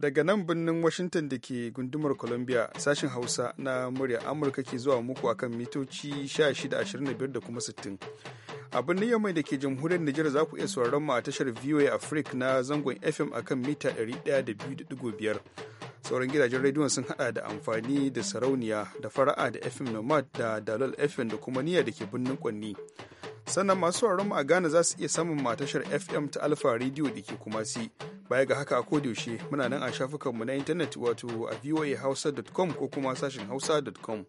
daga nan birnin washington da ke gundumar columbia sashen hausa na murya amurka ke zuwa muku akan mitoci 1625 da kuma 60 a birnin yamai da ke jamhuriyar nijar za ku iya sauraron mu a tashar voa africa na zangon fm akan mita 102.5 sauran gidajen rediyon sun hada da amfani da sarauniya da fara'a da fm nomad da dalol fm da kuma niyya da ke birnin kwanni sannan masu mu a Ghana za su iya samun matashar FM ta Alfa Radio da ke kuma si. Baya ga haka a yaushe muna nan a shafukanmu na intanet wato a voahausa.com ko kuma sashin hausa.com.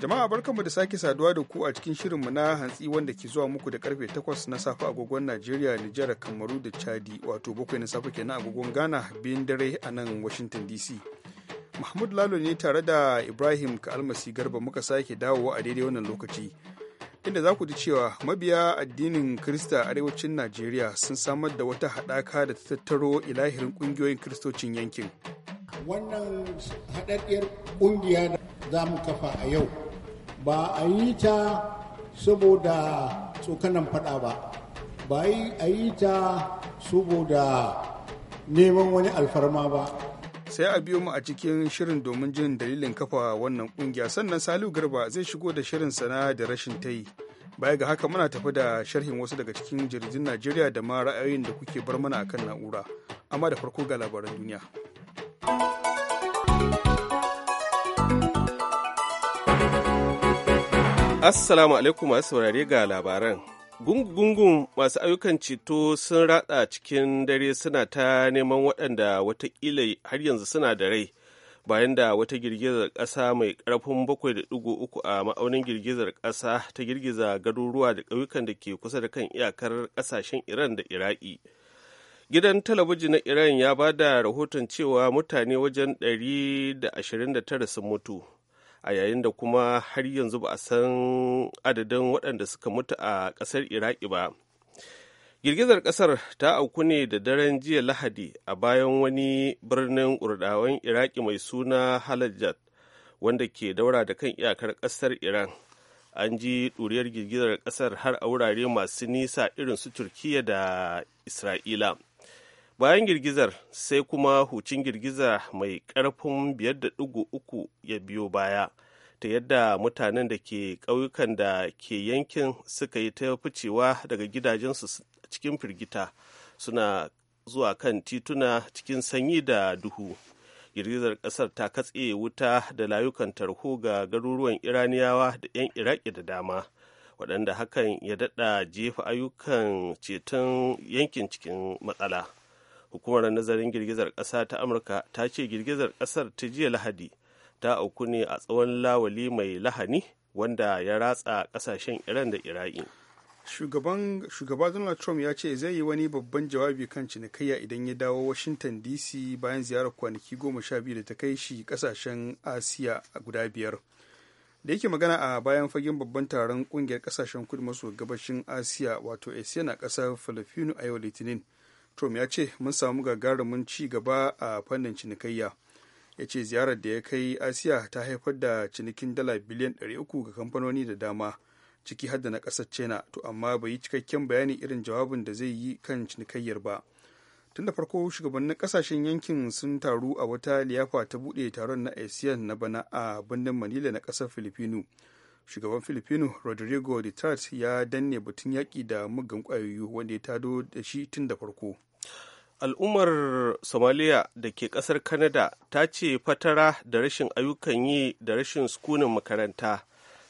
Jama'a barkanmu da sake saduwa da ku a cikin shirin mu na hantsi wanda ke zuwa muku da karfe 8 na safe agogon Najeriya, Nijar, Kamaru da Chadi wato bakwai na safe kenan agogon Ghana, bin dare a nan Washington DC. Mahmud Lalo ne tare da Ibrahim ka Kalmasi Garba muka sake dawowa a daidai wannan lokaci. Inda za ku ji cewa mabiya addinin krista a arewacin Najeriya sun samar da wata haɗaka da ta tattaro ilahirin ƙungiyoyin Kiristocin yankin. Wannan haɗaɗɗiyar ƙungiya da za mu kafa a yau ba a yi ta saboda tsokanan faɗa ba, ba a yi ta saboda neman wani alfarma ba. sai a biyo mu a cikin shirin domin jin dalilin kafa wannan kungiya sannan salihu garba zai shigo da shirin sana da rashin ta yi baya ga haka muna tafi da sharhin wasu daga cikin jirgin najeriya da ma ra'ayoyin da kuke bar mana akan na'ura amma da farko ga labaran duniya assalamu alaikum masu saurare ga labaran gungun masu ayyukan ceto sun ratsa cikin dare suna ta neman waɗanda watakila har yanzu suna da rai bayan da wata girgizar ƙasa mai ƙarfin 7.3 a ma'aunin girgizar ƙasa ta girgiza garuruwa da ƙauyukan da ke kusa da kan iyakar ƙasashen iran da iraki gidan talabijin na iran ya ba da rahoton cewa mutane wajen 129 sun mutu a yayin da kuma har yanzu ba a san adadin waɗanda suka mutu a ƙasar iraki ba girgizar ƙasar ta auku ne da daren jiya lahadi a bayan wani birnin urdawan iraki mai suna halajjat wanda ke daura da kan iyakar ƙasar iran an ji ɗuriyar girgizar ƙasar har a wurare masu nisa irin su turkiya da isra'ila bayan girgizar sai kuma hucin girgiza mai ƙarfin uku ya biyo baya ta yadda mutanen da ke ƙauyukan da ke yankin suka yi ta ficewa daga gidajensu cikin firgita suna zuwa kan tituna cikin sanyi da duhu girgizar ƙasar ta katse wuta da layukan tarho ga garuruwan iraniyawa da 'yan iraki da dama waɗanda hakan ya daɗa jefa ayyukan ceton yankin cikin matsala. hukumar nazarin girgizar ƙasa ta amurka ta ce girgizar ƙasar ta jiya lahadi ta auku ne a tsawon lawali mai lahani wanda ya ratsa ƙasashen iran da iraki shugaba donald trump ya ce zai yi wani babban jawabi kan cinikayya idan ya dawo washington dc bayan ziyarar kwanaki goma sha biyu da ta kai shi kasashen asiya guda biyar da yake magana a bayan fagen babban taron kungiyar kasashen kudu maso gabashin asiya wato asiya na kasar filipino a yau litinin trump ya ce mun samu gagarumin ci gaba a fannin cinikayya ya ce ziyarar da ya kai asiya ta haifar da cinikin dala biliyan 300 ga kamfanoni da dama ciki hadda na ƙasar china to amma bai yi cikakken bayani irin jawabin da zai yi kan cinikayyar ba tun da farko shugabannin kasashen yankin sun taru a wata liyafa ta buɗe taron na asiya na bana a birnin manila na ƙasar filipino shugaban filipino rodrigo duterte ya danne batun yaƙi da muggan ƙwayoyi wanda ya tado da shi tun da farko al'ummar somaliya da ke ƙasar canada ta ce fatara da rashin ayyukan yi da rashin sukunin makaranta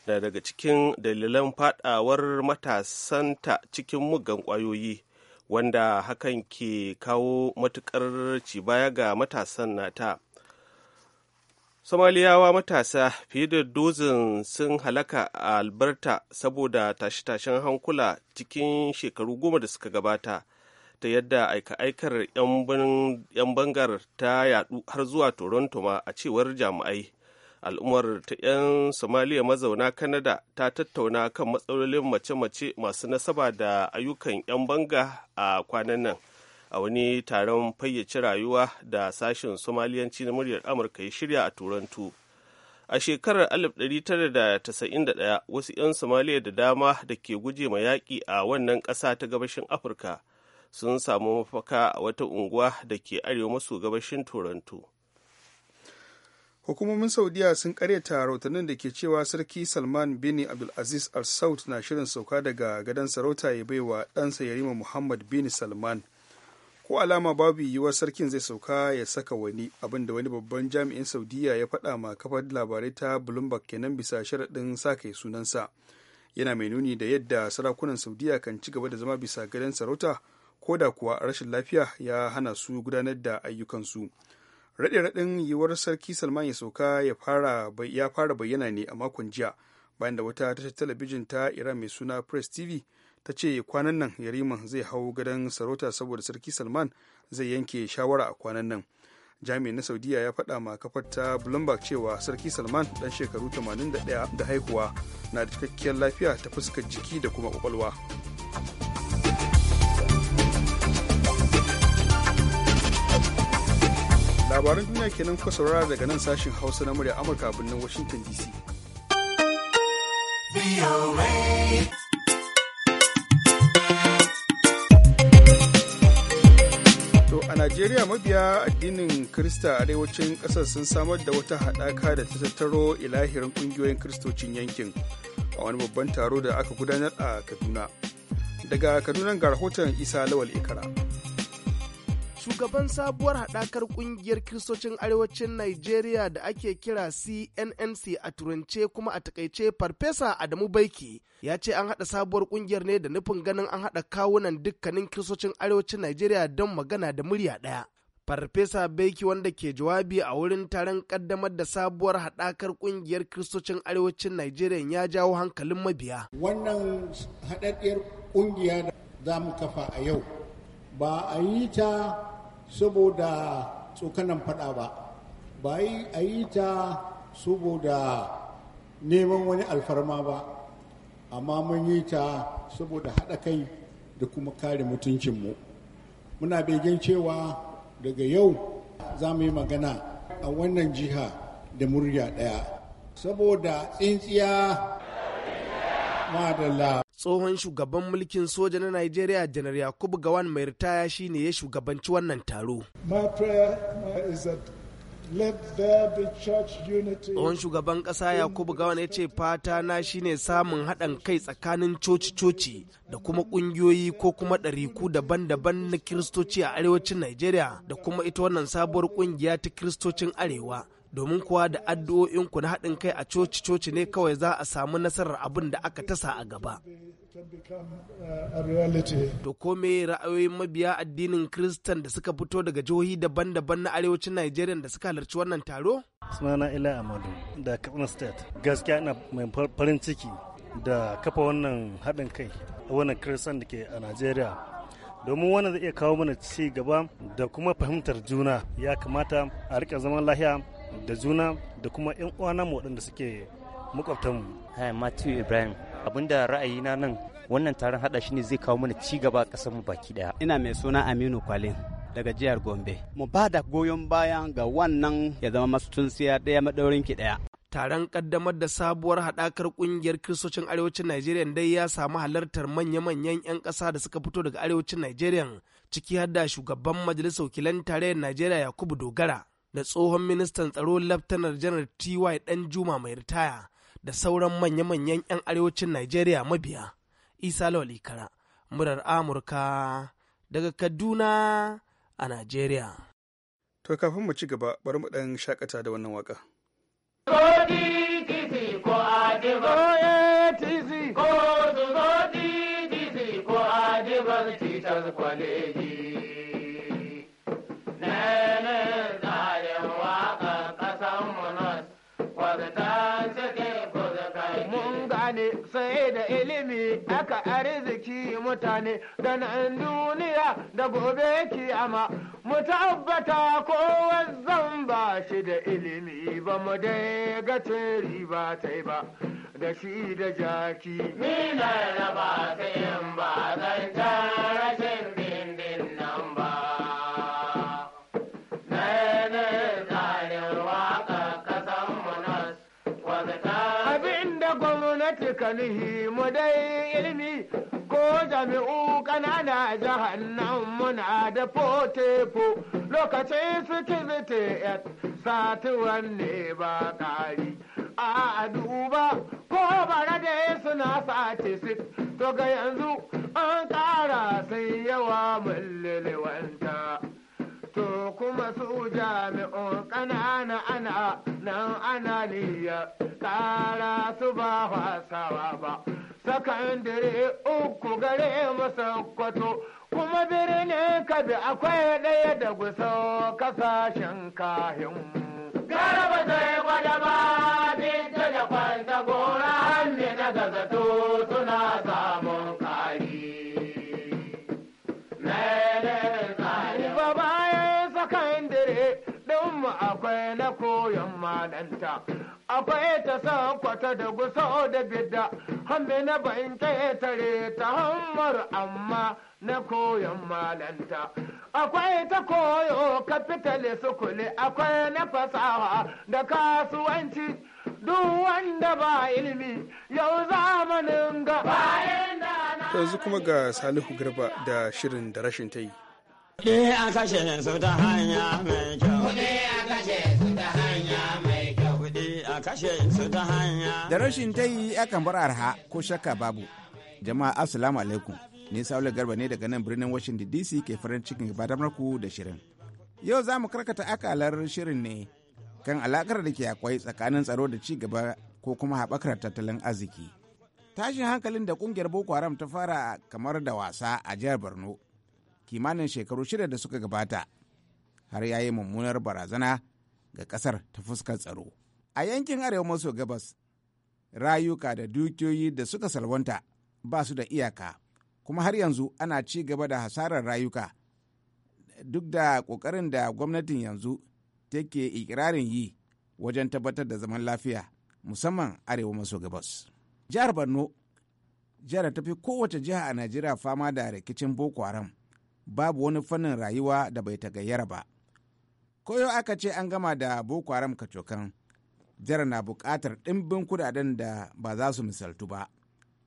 na daga cikin dalilan fadawar matasanta cikin muggan ƙwayoyi wanda hakan ke kawo matukar ci baya ga matasan nata. somaliyawa matasa fiye da dozin sun halaka a alberta saboda tashe-tashen hankula cikin shekaru goma da suka gabata ta yadda aika-aikar 'yan bangar ta yadu har zuwa toronto ma a cewar jami'ai al'ummar ta 'yan somaliya mazauna kanada ta tattauna kan matsalolin mace-mace masu nasaba da ayyukan 'yan banga a kwanan nan a wani taron fayyace rayuwa da sashen somaliyanci na muryar amurka ya shirya a turantu a shekarar 1991 wasu 'yan somaliya da dama da ke guje ma yaƙi a wannan ƙasa ta gabashin afirka sun samu mafaka a wata unguwa da ke arewa maso gabashin turantu hukumomin saudiya sun karyata rautanin da ke cewa sarki salman bin abdulaziz al-saud na shirin sauka daga gadon sarauta ya baiwa ɗansa yarima muhammad bin salman ko alama babu yiwuwar sarkin zai sauka ya saka wani abin da wani babban jami'in saudiya ya faɗa ma kafar labarai ta bloomberg kenan bisa sharaɗin kai sunansa yana mai nuni da yadda sarakunan saudiya kan ci gaba da zama bisa gadon sarauta ko da kuwa rashin lafiya ya hana su gudanar da ayyukansu raɗe-raɗin yiwuwar sarki salman ya sauka ya fara bayyana ne a makon jiya bayan da wata tashar talabijin ta iran mai suna press tv ta ce kwanan nan yariman zai hau gadon sarauta saboda sarki salman zai yanke shawara a kwanan nan jami'in na saudiya ya faɗa ma kafar ta bloomberg cewa sarki salman ɗan shekaru 81 da haihuwa na da cikakkiyar lafiya ta fuskar jiki da kuma kwakwalwa labaran duniya kenan nan saurara daga nan sashin hausa na murya amurka birnin washington dc To a Najeriya mabiya addinin Krista arewacin ƙasar sun samar da wata haɗaka da ta tattaro ilahirin ƙungiyoyin Kristocin yankin a wani babban taro da aka gudanar a Kaduna. Daga Kaduna ga rahoton Isa Lawal Ikara. shugaban sabuwar haɗakar ƙungiyar kiristocin arewacin Najeriya da ake kira CNNC a turance kuma a takaice Farfesa Adamu Baiki ya ce an haɗa sabuwar ƙungiyar ne da nufin ganin an haɗa kawunan dukkanin kiristocin arewacin Najeriya don magana da murya ɗaya. Farfesa Baiki wanda ke jawabi a wurin taron ƙaddamar da sabuwar haɗakar ƙungiyar kiristocin arewacin Najeriya ya jawo hankalin mabiya. Wannan haɗaɗɗiyar ƙungiya da za mu kafa a yau ba a yi ta saboda tsokanan fada ba ba a yi ta saboda neman wani alfarma ba amma mun yi ta saboda haɗa kai da kuma kare mutuncinmu muna begen cewa daga yau za mu yi magana a wannan jiha da murya ɗaya saboda tsintsiya madalla tsohon shugaban mulkin soja na Najeriya janar Yakubu Gawan mai ritaya shine ya shugabanci wannan taro. Tsohon shugaban ƙasa Yakubu Gawan ya ce fata na shine samun haɗin kai tsakanin coci-coci da kuma ƙungiyoyi ko kuma ɗariku daban-daban na Kiristoci a arewacin Najeriya da kuma ita wannan sabuwar ƙungiya ta Kiristocin Arewa domin kuwa da addu'o'inku na haɗin kai a coci-coci ne kawai za a samu nasarar abin da aka tasa a gaba. To kome ra'ayoyin mabiya addinin Kiristan da suka fito daga jihohi daban-daban na arewacin Najeriya da suka halarci wannan taro? Sunana Ila Amadu da Katsina State. Gaskiya ina mai farin ciki da kafa wannan haɗin kai a wannan Kiristan da ke a Najeriya. domin wannan zai iya kawo mana ci gaba da kuma fahimtar juna ya kamata a rika zaman lahiya da juna da kuma 'yan uwana mu waɗanda suke makwabtanmu. Hai Matthew Ibrahim abinda na nan wannan taron hada shi ne zai kawo mana ci gaba a mu baki daya. Ina mai suna Aminu Kwalin daga jihar Gombe. Mu ba da goyon baya ga wannan ya zama masu tunsiya ɗaya maɗaurin ki daya. Taron kaddamar da sabuwar haɗakar ƙungiyar Kiristocin Arewacin Najeriya dai ya samu halartar manya-manyan 'yan ƙasa da suka fito daga Arewacin Najeriya ciki har da shugaban Majalisar Wakilan Tarayyar Najeriya Yakubu Dogara. da tsohon ministan tsaro laftanar janar ty dan juma mai ritaya da sauran manya-manyan 'yan arewacin nigeria mabiya isa lawali kara murar amurka daga kaduna a nigeria to kafin mu ci gaba bari mu dan shakata da wannan waka ko ko kwaleji aka arziki mutane da nan duniya da gobe kiyama mu tabbata ko zan ba shi da ilimi ba mu dai ga riba ta ba da shi da jaki ni na raba ta yin ba zan rashin jami'u kanana jahannan muna da fotefo lokacin sikiriti satuwan ne ba ƙari a duba ko bara da suna sati sit to ga yanzu an ƙara sai yawa mullilwanta to kuma su jami'un ƙanana ana nan ana niyya ƙara su ba fasawa ba sakan uku gare masa kwato kuma birnin kabi akwai ɗaya da gusa kasashen kahin. Garaba zai gwada ba binta da kwanta gora hannu na gazato suna samun kari. Ba bayan sakandire ɗin mu akwai na koyon malanta. akwai ta san kwata da gusa da bidda hambe na bayin tare ta hammar amma na koyon malanta akwai ta koyo kafitali sukuli akwai na fasaha da kasuwanci duk wanda ba ilimi yau zamanin ga yanzu kuma ga salihu garba da shirin da rashin ta yi an sashe su ta hanya mai kyau Da rashin ta yi akan bar arha ko shakka babu. Jama'a Assalamu alaikum. Ni Saule Garba ne daga nan birnin Washington DC ke farin cikin gabatar ku da shirin. Yau za mu karkata akalar shirin ne kan alakar da ke akwai tsakanin tsaro da ci gaba ko kuma haɓakar tattalin arziki. Tashin hankalin da kungiyar Boko Haram ta fara kamar da wasa a jihar Borno kimanin shekaru shida da suka gabata har yayi mummunar barazana ga ƙasar ta fuskar tsaro. a yankin arewa maso gabas rayuka da dukiyoyi da suka salwanta ba su da iyaka kuma har yanzu ana ci gaba da hasarar rayuka duk da ƙoƙarin da gwamnatin yanzu take ikirarin yi wajen tabbatar da zaman lafiya musamman arewa maso gabas jihar borno jihar ta fi kowace jiha a najeriya fama da rikicin boko haram babu wani fannin rayuwa da bai tagayyara ba koyo aka ce an gama da boko haram kacokan jara na buƙatar ɗimbin kudaden da ba za su misaltu ba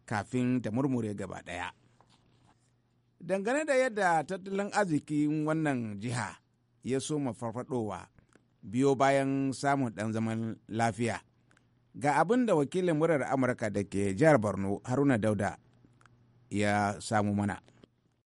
kafin ta murmure gaba ɗaya. Dangane da yadda tattalin arzikin wannan jiha ya soma farfadowa biyo bayan samun ɗan zaman lafiya. Ga abin da wakilin murar Amurka da ke jihar Borno Haruna Dauda ya samu mana.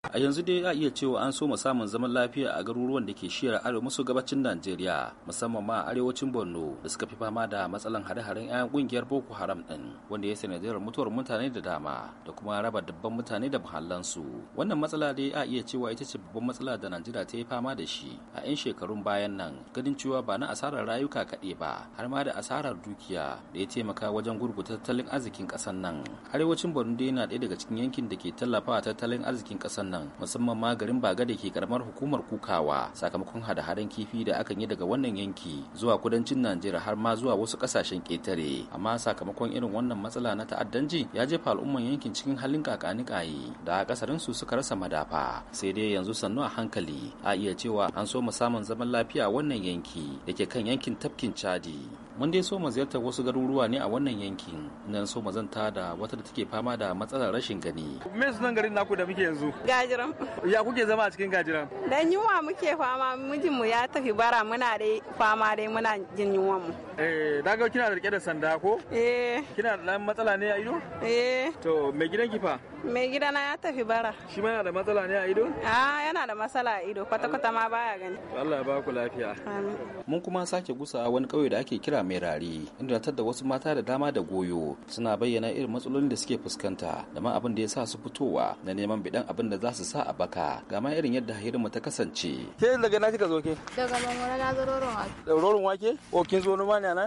a yanzu dai a iya cewa an soma samun zaman lafiya a garuruwan da ke shiyar arewa maso gabacin najeriya musamman ma a arewacin borno da suka fi fama da matsalan hare-haren 'yan kungiyar boko haram din wanda ya sanadiyar mutuwar mutane da dama da kuma raba dabban mutane da muhallansu wannan matsala dai a iya cewa ita ce babban matsala da najeriya ta yi fama da shi a 'yan shekarun bayan nan ganin cewa ba na asarar rayuka kaɗai ba har ma da asarar dukiya da ya taimaka wajen gurguta tattalin arzikin ƙasar nan arewacin borno dai na ɗaya daga cikin yankin da ke tallafawa tattalin arzikin ƙasar nan nan musamman ma garin baga da ke karamar hukumar kukawa sakamakon hada-hadan kifi da akan yi daga wannan yanki zuwa kudancin najeriya har ma zuwa wasu kasashen ƙetare amma sakamakon irin wannan matsala na ta'addanci ya jefa al'umman yankin cikin halin kakanikaye da kasarin su suka rasa madafa sai dai yanzu sannu a hankali a iya cewa an so samun zaman lafiya wannan yanki da ke kan yankin tafkin chadi mun dai so mu ziyartar wasu garuruwa ne a wannan yankin nan so mu zanta da wata da take fama da matsalar rashin gani me sunan garin naku da muke yanzu gajiran ya kuke zama a cikin gajiran dan yunwa muke fama mijin mu ya tafi bara muna dai fama dai muna jin yunwa mu eh da ga kina da rike da sanda ko eh kina da dan matsala ne a ido eh to me gidan ki fa me na ya tafi bara shi ma yana da matsala ne a ido ah yana da matsala a ido kwata kwata ma baya gani Allah ya ba ku lafiya amin mun kuma sake gusa wani kauye da ake kira merari inda na tadda wasu mata da dama da goyo suna bayyana irin matsalolin da suke fuskanta da ma abin da ya sa su fitowa na neman bidan abin da za su sa a baka ga ma irin yadda hirinmu ta kasance. Ke daga na kika zo ke? Daga mamura na zo roron wake. Da roron wake? O kin zo noma ne na?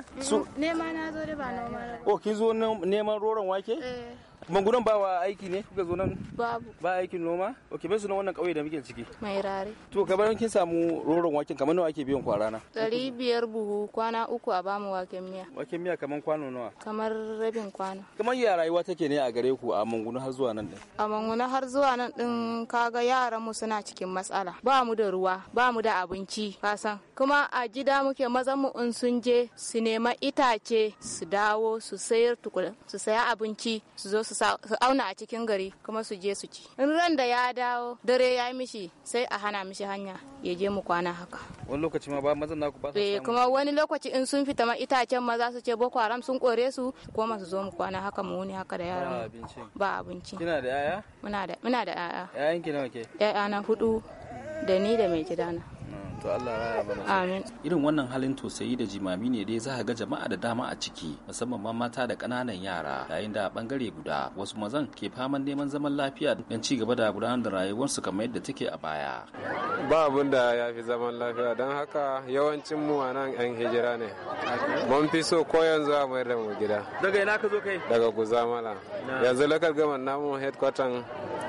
Nema na zo da ba noma. O kin zo neman roron wake? Eh. Kuma ba wa aiki ne kuka zo nan? Babu. Ba aikin noma? Ok, bai suna wannan kauye da muke ciki? Mai rare. To, kamar kin samu roron waken kamar nawa ake biyan kwarana. Ɗari biyar buhu kwana uku a bamu waken miya. Waken miya kamar kwano nawa? Kamar rabin kwano. Kamar ya rayuwa take ne a gare ku a Mangunu har zuwa nan ɗin? A Mangunu har zuwa nan ɗin kaga yaran mu suna cikin matsala. Ba mu da ruwa, ba mu da abinci, kasan. Kuma a gida muke mazan mu in sun je su nema itace su dawo su sayar tukuna su saya abinci su zo su su auna a cikin gari kuma su je su ci in ran da ya dawo dare ya yi mishi sai a hana mishi hanya ya je mu kwana haka wani lokaci ma ba mazan naku ba su eh, kuma wani lokaci in sun fita ma itacen maza su ce boko haram sun kore su koma su zo mu kwana haka mu wuni haka da yaran ba abinci kina da yaya muna da muna da yaya yayan ki nawa ke yaya na hudu da ni da mai gidana to Allah ya bana amin irin wannan halin tausayi da jimami ne dai za ga jama'a da dama a ciki musamman ma mata da ƙananan yara yayin da bangare guda wasu mazan ke faman neman zaman lafiya don ci gaba da gudanar da rayuwarsu kamar yadda take a baya ba abun da ya fi zaman lafiya don haka yawancin mu a nan yan hijira ne mun fi so ko yanzu a mayar da mu gida daga ina ka zo kai daga guzamala yanzu lakar gaman namu headquarter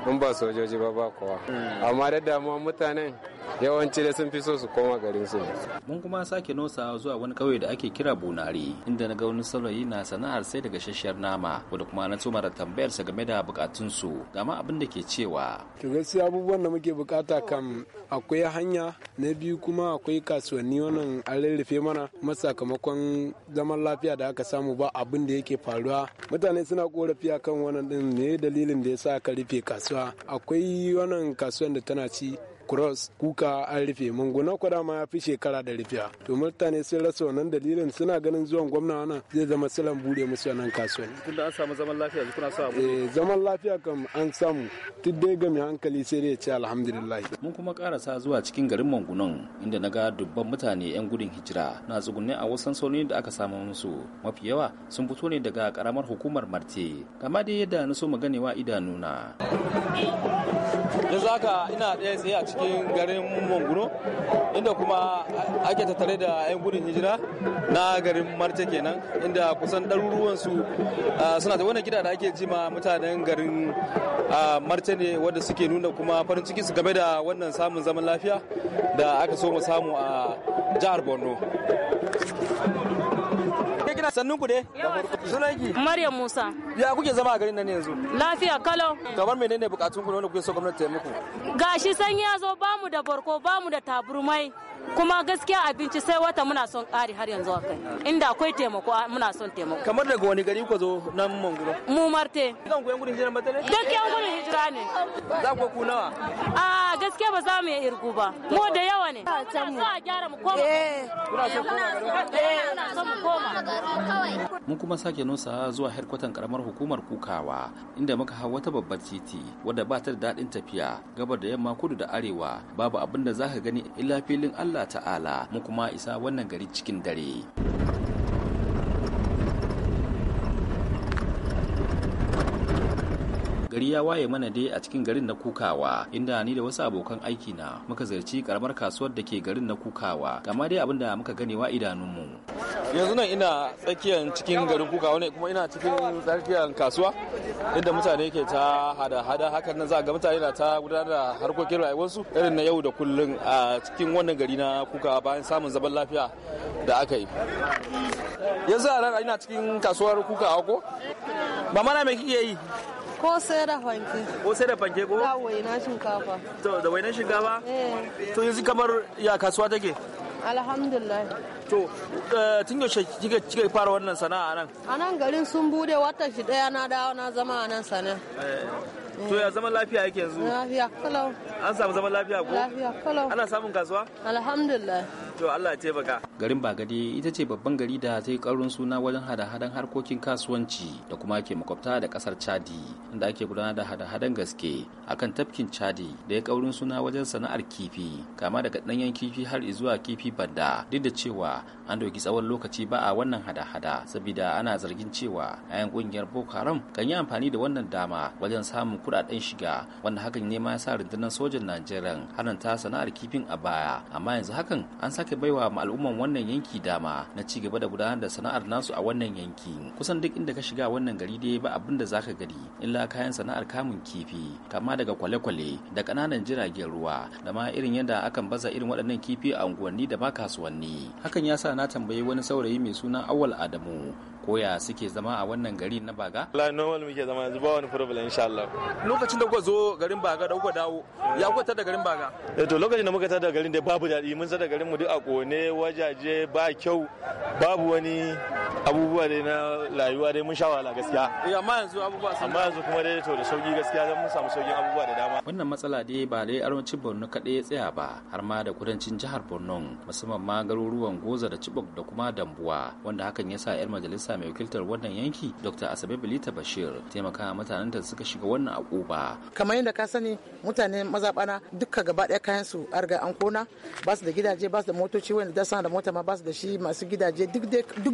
in ba sojoji ba ba kowa hmm. amma da damuwa mutanen yawanci da sun fi so su koma garin su mun kuma sake nosa zuwa wani kauye da ake kira bunari inda na ga wani saurayi na sana'ar sai daga shashiyar nama wanda kuma na tsoma da tambayar sa game da bukatun su ga ma abin da ke cewa to gaskiya abubuwan da muke bukata kam akwai hanya na biyu kuma akwai kasuwanni wannan an rarrafe mana masakamakon zaman lafiya da aka samu ba abin da yake faruwa mutane suna korafi akan wannan din ne dalilin da ya sa aka rufe kasuwa akwai wannan kasuwan da tana ci cross kuka an rufe munguna kwada ma ya fi shekara da rufiya to mutane sun rasa wannan dalilin suna ganin zuwan gwamna wannan zai zama silan bude musu wannan kasuwanni tunda an samu zaman lafiya kuna sa eh zaman lafiya kam an samu duk dai ga mai hankali sai dai ce alhamdulillah mun kuma karasa zuwa cikin garin mangunan inda na ga dubban mutane yan gudun hijira na tsugunne a wasan sauni da aka samu musu mafi yawa sun fito ne daga karamar hukumar marti kama dai yadda na so maganewa idanuna yanzu haka ina ɗaya tsaye a cikin cikin garin manguno inda kuma ake tattare da 'yan gudun hijira na garin marta kenan inda kusan ɗaruruwan su suna da wani gida da ake jima mutanen garin marta ne wanda suke nuna kuma farin ciki su game da wannan samun zaman lafiya da aka so mu samu a jihar borno kira sannun ku dai sunanki maryam musa ya kuke zama a garin nan yanzu lafiya kalau kamar menene bukatun ku ne wanda kuke so gwamnati ta muku gashi sanyi ya zo bamu da barko bamu da taburmai kuma gaskiya abinci sai wata muna son ƙari har yanzu akai inda akwai taimako muna son taimako kamar daga wani gari ku zo nan mangoro mu marte zan ku yan gudun hijira duk yan gudun hijira ne za ku ku nawa a gaskiya ba za mu yi irgu ba mu da yawa ne so a gyara mu koma eh. koma kuna eh, so mu koma eh, mun kuma sake nusa zuwa herkwatan karamar hukumar kukawa inda muka hau wata babbar titi wadda ba ta da daɗin tafiya gabar da yamma kudu da arewa babu abin da za ka gani illa filin Allah Allah ta'ala mu kuma isa wannan gari cikin dare gari ya waye mana dai a cikin garin na kukawa inda ni da wasu abokan aiki na muka ziyarci karamar kasuwar da ke garin na kukawa amma dai abinda muka gani wa idanunmu yanzu nan ina tsakiyar cikin garin kukawa ne kuma ina cikin tsakiyar kasuwa inda mutane ke ta hada-hada hakan nan za ga mutane na ta gudanar da harkokin rayuwarsu irin na yau da kullun a cikin wannan gari na kukawa bayan samun zaman lafiya da aka yi yanzu a ina cikin kasuwar kukawa ko ba mana me kike yi Ko sai da fanke. Ko sai da fanke ko? Da waina shinkafa. To da wainan shinkafa? Eh. To yanzu kamar ya kasuwa take? alhamdulillah to eh, tun yaushe kika kika fara wannan sana'a nan a nan garin sun bude wata shi daya na dawo na zama a nan sana'a eh. to eh. ya zaman lafiya yake yanzu lafiya kalau an samu zaman lafiya ko lafiya kalau ana samun kasuwa alhamdulillah to Allah ya taimaka garin Bagade ita ce babban gari da ta yi karun suna wajen hada-hadan harkokin kasuwanci da kuma ke makwabta da kasar Chadi inda ake gudanar da hada-hadan gaske akan tafkin Chadi da ya kaurin suna wajen sana'ar kifi kama daga danyen kifi har zuwa kifi badda duk da cewa an doki tsawon lokaci ba a wannan hada-hada saboda ana zargin cewa ayan ƙungiyar Boko Haram kan yi amfani da wannan dama wajen samun kudaden shiga wanda hakan ne ma ya sa rundunar sojan Najeriya hananta sana'ar kifin a baya amma yanzu hakan an sa sake baiwa al'umman wannan yanki dama na ci gaba da gudanar da sana'ar nasu a wannan yanki kusan duk inda ka shiga wannan gari dai ba abin da zaka gani illa kayan sana'ar kamun kifi kama daga kwale-kwale da ƙananan jiragen ruwa da ma irin yadda akan baza irin waɗannan kifi a unguwanni da ba kasuwanni hakan ya sa na tambayi wani saurayi mai suna awal adamu koya suke zama a wannan gari na baga la normal muke zama yanzu ba wani problem insha Allah lokacin da kuka zo garin baga da kuka dawo ya kuka tada garin baga eh to lokacin da muka tada garin da babu dadi mun tada garin mu duk a kone wajaje ba kyau babu wani abubuwa dai na rayuwa dai mun sha wahala gaskiya eh amma yanzu abubuwa sun amma yanzu kuma dai to da sauki gaskiya dan mun samu saukin abubuwa da dama wannan matsala dai ba dai arewacin Borno kadai ya tsaya ba har ma da kudancin jihar Borno musamman ma garuruwan Goza da Chibok da kuma Dambuwa wanda hakan yasa yar majalisa sanata mai wakiltar wannan yanki dr asabe bilita bashir taimaka mutanen da suka shiga wannan akuba kamar yadda ka sani mutane mazabana duka gaba ɗaya kayan su arga an kona ba su da gidaje ba su da motoci wanda da sana da mota ma ba su da shi masu gidaje duk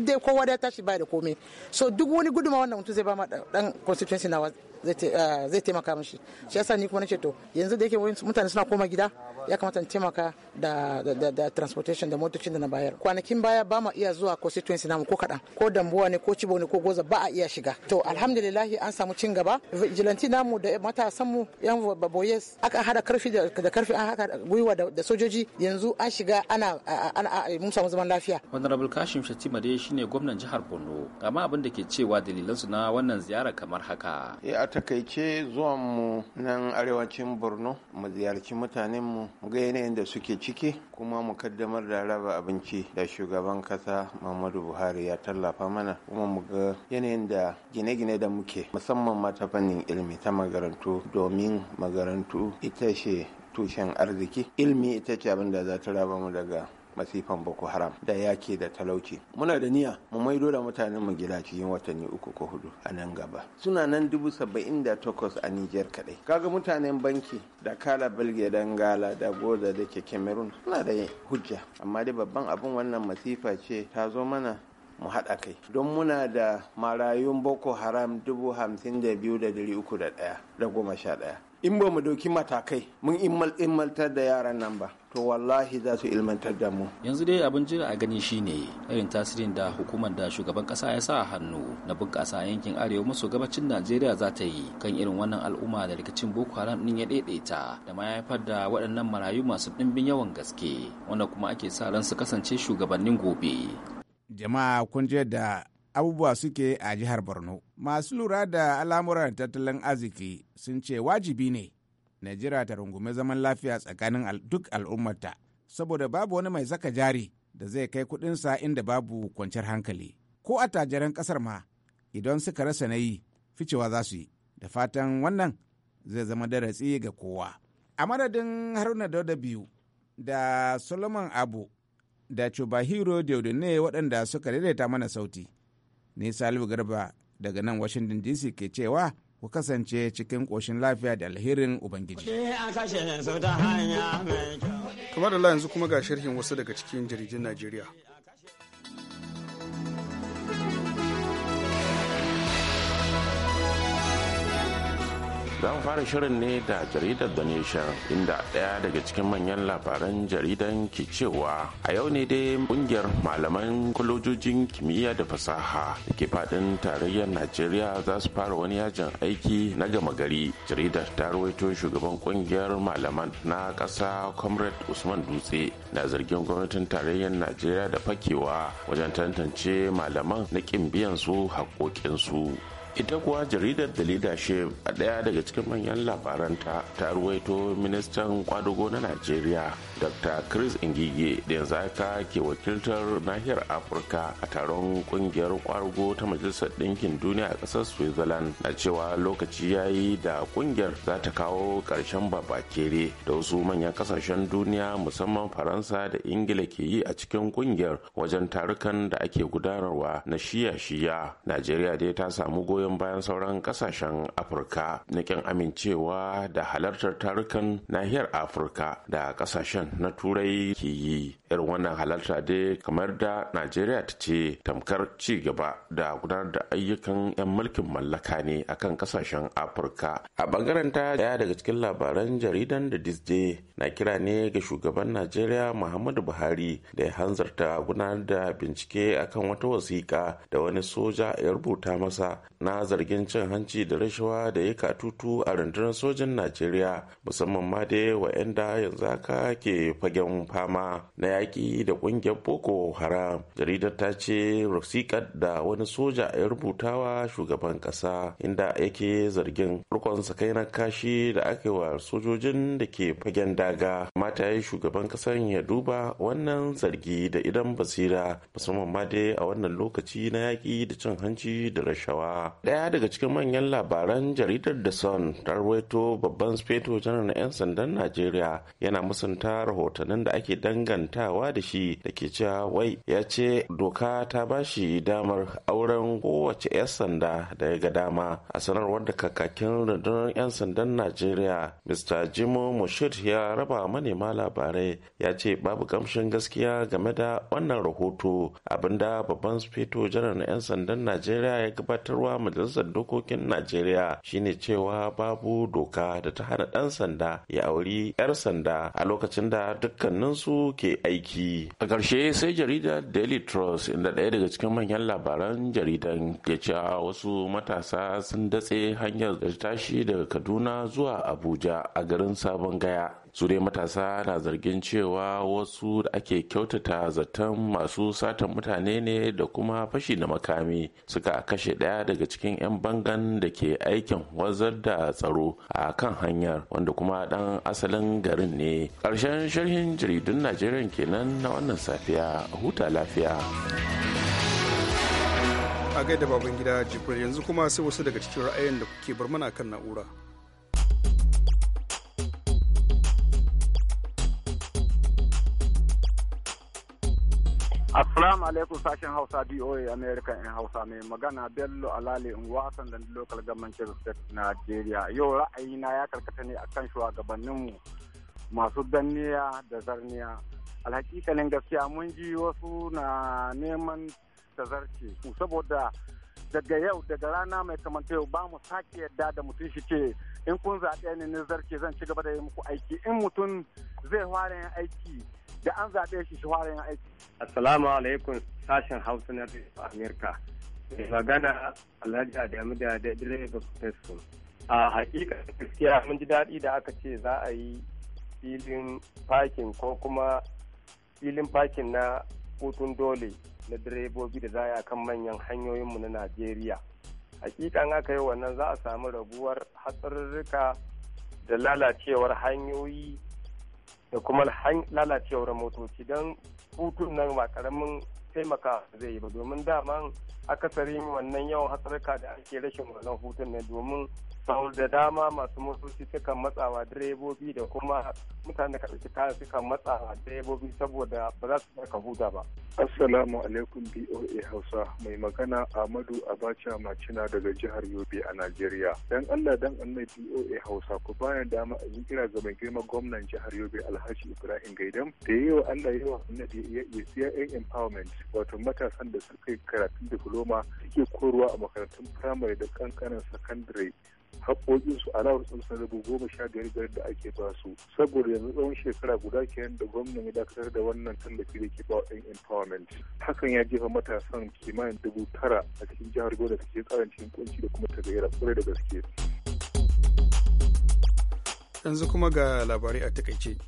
dai kowa da ya tashi baya da komai so duk wani guduma wannan mutum zai ba ma dan constituency na Ah, zai taimaka mishi shi yasa ni kuma nace to yanzu da yake mutane suna koma gida ya kamata in taimaka da da transportation da motocin da na bayar kwanakin baya ba ma iya zuwa constituency namu ko kadan ko dambuwa ne ko cibo ne ko goza ba a iya shiga to alhamdulillah an samu cin gaba vigilanti namu da matasan mu yan baboyes aka hada karfi da karfi an haka gwiwa da sojoji yanzu an shiga ana ana mun samu zaman lafiya honorable kashim shatima dai shine gwamnan jihar borno amma abin da ke cewa dalilan su na wannan ziyara kamar haka eh, takaice zuwan mu nan arewacin borno mu ziyarci mutanen mu mu ga yanayin da suke ciki kuma mu kaddamar da raba abinci da shugaban kasa muhammadu buhari ya tallafa mana kuma mu ga yanayin da gine-gine da muke musamman ma ta fannin ilimi ta magarantu domin magarantu ita ce tushen arziki ilimi ita ce abin da za ta raba mu daga masifan boko haram da yake da talauci muna da niyya mu maido da mutanen mu gida cikin watanni uku ko hudu a nan gaba suna nan dubu saba'in da takwas a nijar kaɗai kaga mutanen banki da kala belgiya da gala da goda da ke cameroon suna da hujja amma dai babban abun wannan masifa ce ta zo mana mu haɗa kai don muna da marayun boko haram dubu hamsin da biyu da dari uku da ɗaya da goma sha ɗaya in ba mu dauki matakai mun ilmantar da yaran nan ba to wallahi za su ilmantar da mu yanzu dai abin jira a gani shine irin tasirin da hukumar da shugaban kasa ya sa hannu na bunƙasa yankin arewa maso gabacin najeriya za ta yi kan irin wannan al'umma da rikicin boko haram din ya daidaita da ma ya haifar da waɗannan marayu masu ɗimbin yawan gaske wanda kuma ake sa ran su kasance shugabannin gobe jama'a kun je da abubuwa suke a jihar borno masu lura da al'amuran tattalin arziki sun ce wajibi ne najeriya ta rungume zaman lafiya tsakanin duk al'ummarta saboda babu wani mai zaka jari da zai kai kudinsa inda babu kwanciyar hankali ko a tajiran kasar ma idan suka rasa na yi ficewa za su yi da fatan wannan zai zama darasi ga kowa a madadin haruna dauda biyu da solomon abu da chubahiro deodone waɗanda suka daidaita mana sauti ni salihu garba daga nan washington dc ke cewa ku kasance cikin ƙoshin lafiya da alherin ubangiji kamar da yanzu kuma ga sharhin wasu daga cikin jaridun najeriya za fara shirin ne da jaridar da nation inda ɗaya daga cikin manyan labaran jaridan ke cewa a yau ne dai kungiyar malaman kwalojojin kimiyya da fasaha da ke faɗin tarayyar najeriya za su fara wani yajin aiki na gama gari jaridar ta rawaito shugaban kungiyar malaman na ƙasa comrade usman dutse na zargin gwamnatin tarayyar najeriya da fakewa wajen tantance malaman na ƙin biyan ita kuwa jaridar da leadership a ɗaya daga cikin manyan labaranta ta ruwaito ministan kwadugo na najeriya dr chris ingige da yanzu aka ke wakiltar nahiyar afirka a taron kungiyar kwadugo ta majalisar ɗinkin duniya a ƙasar switzerland na cewa lokaci ya yi da kungiyar za ta kawo ƙarshen babakere da wasu manyan ƙasashen duniya musamman faransa da ingila ke yi a cikin kungiyar wajen tarukan da ake gudanarwa na shiya-shiya najeriya dai ta samu goyon bayan sauran kasashen afirka na kin amincewa da halartar tarukan nahiyar afirka da kasashen na turai ke yi irin wannan halarta dai kamar da najeriya ta ce tamkar ci gaba da gudanar da ayyukan 'yan mulkin mallaka ne akan kasashen afirka a bangaren ta daya daga cikin labaran jaridan da disney na kira ne ga shugaban najeriya muhammadu buhari da ya hanzarta gudanar da bincike akan wata wasiƙa da wani soja ya rubuta masa na zargin cin hanci da rashawa da ya katutu a rundunar sojin najeriya musamman ma dai da yanzu haka ke fagen fama na ya yaƙi da ƙungiyar boko haram jaridar ta ce rosikat da wani soja ya rubuta wa shugaban ƙasa inda yake zargin rukon na kashi da aka yi wa sojojin da ke fagen daga mata ya shugaban ƙasan ya duba wannan zargi da idan basira musamman ma dai a wannan lokaci na yaki da cin hanci da rashawa ɗaya daga cikin manyan labaran jaridar da sun tarwaito babban speto janar na 'yan sandan najeriya yana musanta rahotannin da ake danganta tunawa da shi da ke cewa wai ya ce doka ta ba shi damar auren kowace 'yan sanda da ya ga dama a sanarwar da kakakin rundunar 'yan sandan najeriya mr jimo moshid ya raba manema labarai ya ce babu kamshin gaskiya game da wannan rahoto abinda babban sufeto janar na 'yan sandan najeriya ya gabatarwa majalisar dokokin najeriya shine cewa babu doka da ta hana dan sanda ya auri 'yar sanda a lokacin da dukkaninsu ke aiki aiki a ƙarshe sai jarida daily trust inda ɗaya daga cikin manyan labaran jaridan ya ce wasu matasa sun datse hanyar tashi daga kaduna zuwa abuja a garin sabon gaya su dai matasa na zargin cewa wasu da ake kyautata zaton masu satan mutane ne da kuma fashi na makami suka kashe ɗaya daga cikin 'yan bangan da ke aikin wazar da tsaro a kan hanyar wanda kuma ɗan asalin garin ne karshen sharhin jaridun najeriya kenan na wannan safiya huta lafiya a gaida baban gida jibril yanzu kuma sai wasu daga cikin ra'ayin da kuke bar mana kan na'ura Assalamu alaikum sashen Hausa DOA American in Hausa mai magana Bello Alale in wasan da local government state Nigeria. Yau na ya karkata ne akan mu masu danniya da zarniya. alhakikalin gaskiya mun ji wasu na neman tazarce saboda daga yau daga rana mai kamanta yau ba mu sake yadda da mutum shi ce in kun zaɓe ni zarce zan ci gaba da yi muku aiki in mutum zai fara yin aiki da an zaɓe shi shi fara yin aiki. Assalamu alaikum sashen Hausa na Amerika. Mai magana Alhaji Adamu da da Fesu. A hakika gaskiya mun ji daɗi da aka ce za a yi filin fakin ko kuma filin fakin na hutun dole na direbobi da za a kan manyan hanyoyinmu na Najeriya. haƙiƙan aka yi wannan za a samu raguwar hatsarurruka da lalacewar hanyoyi da kuma lalacewar motoci don hutun nan ba karamin taimaka zai yi ba domin dama akasarin wannan yawan hatsarka da ake rashin wannan hutun ne domin sau da dama masu motoci sukan matsawa direbobi da kuma mutane ka ɗauki kaya sukan matsawa direbobi saboda ba za su ka huda ba. Assalamu alaikum BOA Hausa mai magana Ahmadu Abacha Macina daga jihar Yobe a Najeriya. Dan Allah dan annai BOA Hausa ku bayan dama a yi kira ga mai girma gwamnan jihar Yobe Alhaji Ibrahim Gaidam da yi wa Allah yawa da ya iya yan empowerment wato matasan da suka yi karatun diploma suke korowa a makarantun firamare da kankanin sakandare su a lawar tsamsa dubu goma sha biyar biyar da ake ba su saboda yanzu tsawon shekara guda kenan da gwamnan ya dakatar da wannan tallafi da ke bawa ɗan empowerment hakan ya jefa matasan kimanin dubu tara a cikin jihar Bauchi da ke tsarin cikin kunci da kuma ta tagayyara kwarai da gaske. yanzu kuma ga labarai a takaice.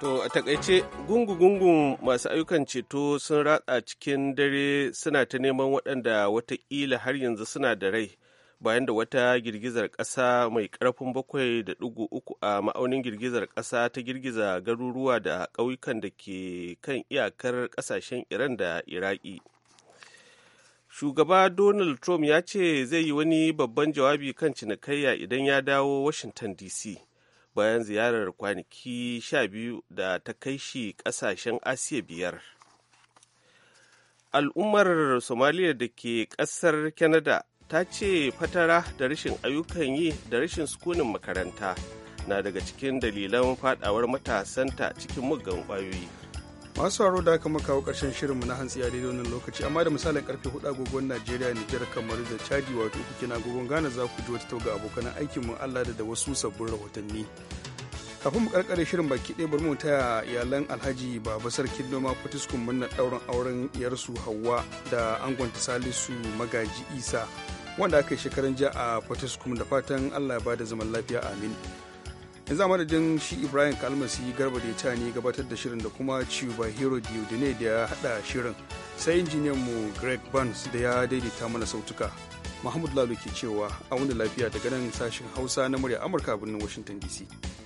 To a takaice gungu-gungun masu ayyukan ceto sun ratsa cikin dare suna ta neman waɗanda watakila har yanzu suna da rai bayan da wata girgizar ƙasa mai ƙarfin bakwai da ɗigo uku a ma'aunin girgizar ƙasa ta girgiza garuruwa da ƙauyukan da ke kan iyakar ƙasashen Iran da Iraki. Shugaba Donald Trump ya ce zai yi wani babban jawabi kan cinikayya idan ya dawo Washington DC. bayan ziyarar kwanaki sha biyu da ta kai shi ƙasashen asiya biyar al'ummar somaliya da ke ƙasar canada ta ce fatara da rashin ayyukan yi da rashin sukunin makaranta na daga cikin dalilan fadawar matasanta cikin muggan ƙwayoyi masu sauraro da aka makawo karshen shirinmu na hantsi a daidai wannan lokaci amma da misalin karfe 4 agogon najeriya nijar kamar da chadi wato uku kina agogon ghana za ku ji wata tauga abokan mu allah da da wasu sabbin rahotanni kafin mu karkare shirin baki ɗaya bari mu taya iyalan alhaji baba sarki noma fatiskun murna ɗaurin auren yarsu hawa da angonta salisu magaji isa wanda aka yi shekaran ja a fatiskun da fatan allah ya bada zaman lafiya amin yanzu a madadin shi ibrahim kalmasi garba da ta ne gabatar da shirin da kuma ciuba hero diodine da ya hada shirin sai injiniyan mu greg burns da ya daidaita mana sautuka mahmud lalu ke cewa a wani lafiya daga nan sashen hausa na murya amurka birnin washington dc